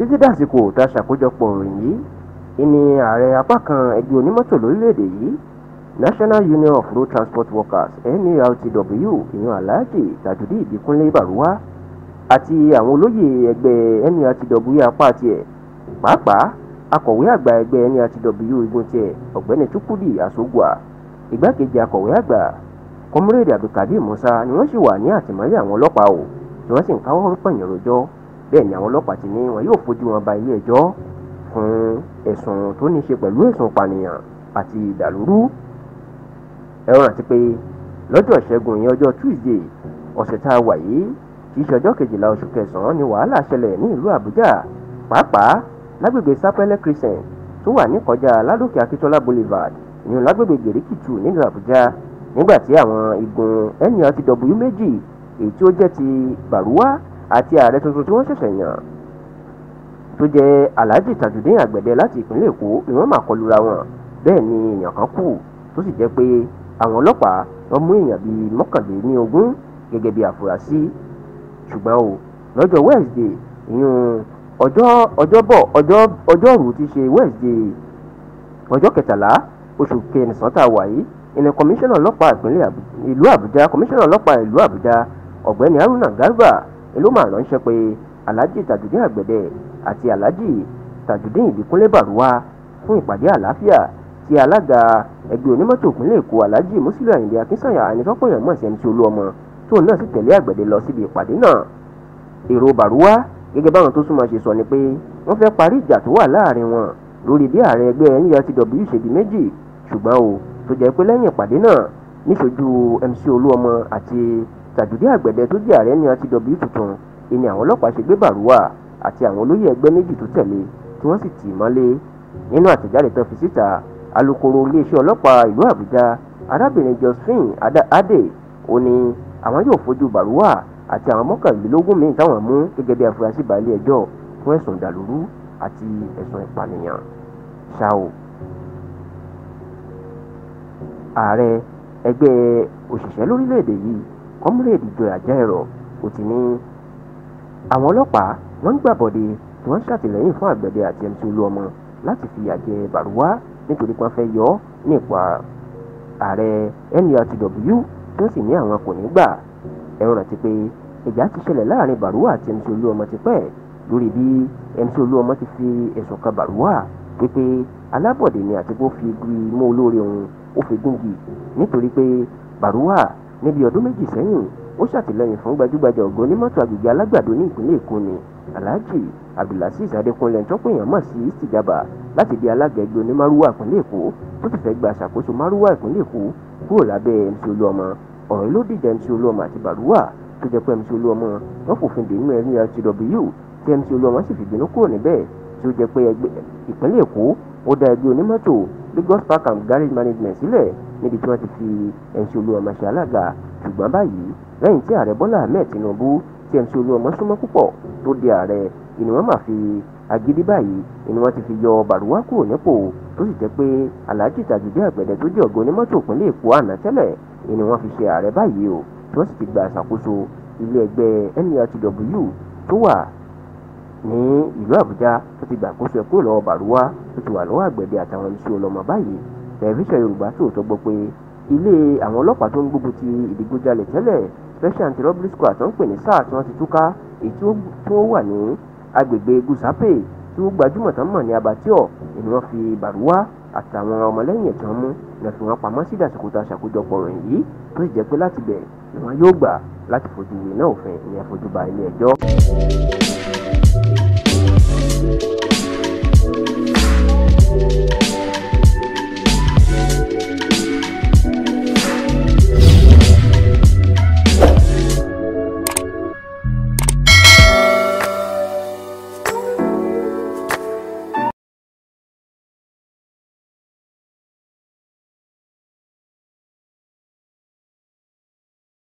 títí dàsìkò tá a ṣàkójọpọ̀ òròyìn yìí ìní ààrẹ apá kan ẹgbẹ́ onímọ́tò lórílẹ̀‐èdè yìí National Union of Road Transport Workers NURTW ìyàn aláàjì tàjùdí ìbíkúnlé bàrúwá àti àwọn olóyè ẹgbẹ́ NURTW apá tiẹ̀ pàápàá akọ̀wé àgbà ẹgbẹ́ NURTW igun tiẹ̀ ọ̀gbẹ́ni Chukwudi Asogwa igbákejì akọ̀wé àgbà kọmúrèdè Abdulkadir Musa ni wọ́n sì wà ní àtìmọ́lé àwọn ọlọ́pàá o tí wọ́n sì ń káwọ́ pọ̀nyìn rojọ́ bẹ́ẹ̀ ni àwọn ọlọ́pàá ti ní wọn yóò fojú wọn ba ilé ẹjọ́ fún ẹ̀sùn tó ní ṣe pẹ̀lú ẹ̀sùn ìpànìyàn àti ìdàlúrú ẹ rántí pé lọ́jọ́ ìṣẹ́gun ìyẹn ọjọ́ Tuesday ọ̀sẹ̀ tá a wà yìí kì í ṣe ọjọ́ kejìlá oṣù kẹsàn-án ni wàhálà ṣẹlẹ̀ ní ìlú Àbújá pàápàá lágbègbè Sapele Crescent tó wà níkọjá Ládòkè Akíntọ́lá Boulevard ní lágbègbè Gèrèkìtù nílùú Àbújá nígbà tí àwọn igun NURTW méjì èyí tí ó jẹ́ ti Bàrúwá àti ààrẹ tuntun tí wọ́n ṣẹ̀ṣẹ̀ yàn tó jẹ́ alhaji tajudeen àgbẹ̀dẹ láti ìpínlẹ̀ èkó ni wọ́n máa kọlura wọn bẹ́ẹ̀ ni èèyàn kan kú tó sì jẹ́ pé àwọn ọlọ́pàá wọ́n mú èèyàn bíi mọ́kànléní ogún gẹ́gẹ́ bíi àfúrásì ṣùgbọ́n o lọ́jọ́ wednesday ìyún ọjọ́ ọjọ́bọ̀ ọjọ́ ọjọ́rú ti ṣe wednesday ọjọ́ kẹtàlá oṣù kẹrìnsán tá a wà yìí ìní kọmíṣánná ọlọ́pàá ìlú àbújá kọmíṣánná ọlọ́pàá ìlú àbújá ọ̀gbẹ́ni haruna garba ló máa ránṣẹ́ pé alhaji tajudeen àgbẹ̀dẹ àti alhaji tajudeen ìbíkúnlé bàrúwá fún ìpàdé àlàáfíà tí alága ẹgbẹ́ onímọ́tò ìpínlẹ̀ èkó alhaji musiliu ayinde akinsanya anifọ́pọ̀yàn mọ̀ sí ẹni tí olú ọmọ tóun náà sì tẹ̀lé àgbẹ̀dẹ lọ síbi ìpàdé náà èrò bàrúwá gẹ́gẹ́ báwọn tó súnmọ́ ṣe sọ ni pé wọ́n fẹ́ parí ìjà tó wà láàrin wọn lórí bí ààrẹ ẹgbẹ́ nurtw ṣe di méjì ṣùgbọ́n o tó jẹ́ pé lẹ́yìn ìpàdé náà níṣojú mc olúọmọ àti tàjùdí àgbẹ̀dẹ tó jẹ́ ààrẹ ní rtw tuntun ìní àwọn ọlọ́pàá ṣe gbé bàrúwà àti àwọn olóyè ẹgbẹ́ méjì tó tẹ̀lé tí wọ́n sì tì í mọ́lé nínú àtẹ̀jáde tó fi síta alukoro iléeṣẹ́ ọlọ́pàá ìlú àbújá arábìnrin josephine adé ó ní àwọn yóò fojú bàrúwà àti àwọn mọ́kànlélógún míì táwọn mú gẹ́gẹ́ bí afurasí bá ilé ẹjọ́ fún ẹ̀sùn ìdàlúrú àti ẹ̀sùn ìpànìyàn ṣáò ààrẹ ẹgbẹ́ òṣìṣẹ́ lórílẹ̀‐èdè yìí comrade Ìjọyà Jairo ó ti ní àwọn ọlọ́pàá wọ́n ń gbàbọ̀dé tí wọ́n ń ṣàtìlẹ́yìn fún àgbẹ̀dẹ àti MC Olúọmọ láti fi àjẹ Bàrúwá nítorí pé wọ́n fẹ́ yọ ọ́ ní ipò ààrẹ NURTW tó sì ní àwọn kò ní gbà ẹ̀rọ rántí pé ìjà ti ṣẹlẹ̀ láàrin Bàrúwá àti MC Olúọmọ ti pẹ́ lórí bí MC Olúọmọ ti fi ẹ̀sùn kan Bàrúwá pípé alábọ̀dé ni àti pé ó fi igi mú olórí òun ó fi gúngi nítorí pé Bàrúwá níbi ọdún méjì sẹ́yìn ó ṣàtìlẹ́yìn fún gbajúgbajà ọ̀gá onímọ́tò agbègbè alágbàdo ní ìpínlẹ̀ èkó ni alhaji abdulaziz adékúnlé tọ́pẹ̀yàn mọ̀ sí ìtìjàbá láti di alága ẹgbẹ́ onímárúwá ìpínlẹ̀ èkó tó ti fẹ́ gba àṣàkóso márúwá ìpínlẹ̀ èkó kúrò lábẹ́ mc olúọmọ ọ̀rọ̀ ló dìjà mc olúọmọ àti bàrúwà tó jẹ́ pé mc olúọmọ wọn kò fi dènú ẹ̀rí rtw tí mc olúọmọ sì fìbínú kúrò níbẹ̀ tí ó jẹ́ pé ìpínlẹ̀ èkó ó dá ẹgbẹ́ onímọ́tò lagos park and garage management sílẹ̀ níbi tí wọ́n ti fi MC Olúọmọ ṣe alága ṣùgbọ́n báyìí lẹ́yìn tí ààrẹ Bọ́lá Ahmed Tinubu tí MC Olúọmọ súnmọ́ púpọ̀ tó di ààrẹ ìní wọ́n mà fi agídí báyìí ìní wọ́n ti fi yọ Bàrúwá kúrò nípò tó sì jẹ́ pé Alhaji Tajudeen Àgbẹ̀dẹ tó jẹ́ ọ̀gá onímọ́tò ìpínlẹ̀ Èkó àná tẹ́lẹ̀ ìní wọ́n fi ṣe ààrẹ báyìí o tí wọ́n sì ti gba àṣàkóso ilé ẹgbẹ́ NURTW e tó wà ní ìlú Àbújá tó ti gbàkóso ẹ̀kọ́ lọ́wọ́ Bàrúwá tó ti wà lọ́wọ́ Àgbẹ̀dẹ àtàwọn MC Olúọmọ báyìí tẹlifíṣàn yorùbá sòótọ́ gbọ́ pé ilé àwọn ọlọ́pàá tó ń gbógun ti ìdígunjalè tẹ́lẹ̀ special anti-robbery squad tó ń pè ní SARS tí wọ́n ti túká èyí tí ó wà ní agbègbè gusape tí ó gbajúmọ̀ tán mọ̀ ní abatio ni wọ́n fi bàrúwá àtàwọn ọmọlẹ́yìn ẹ̀tàn mú ni wọ́n fi wọ́n pamọ́ sí ìdàsíkòtà ṣàkójọpọ̀ rẹ̀ yìí tó sì jẹ́ pé láti bẹ̀ ni wọ́n yóò gbà láti fojú ìwé náà òfin ìyẹn fojú ba ilé ẹjọ́.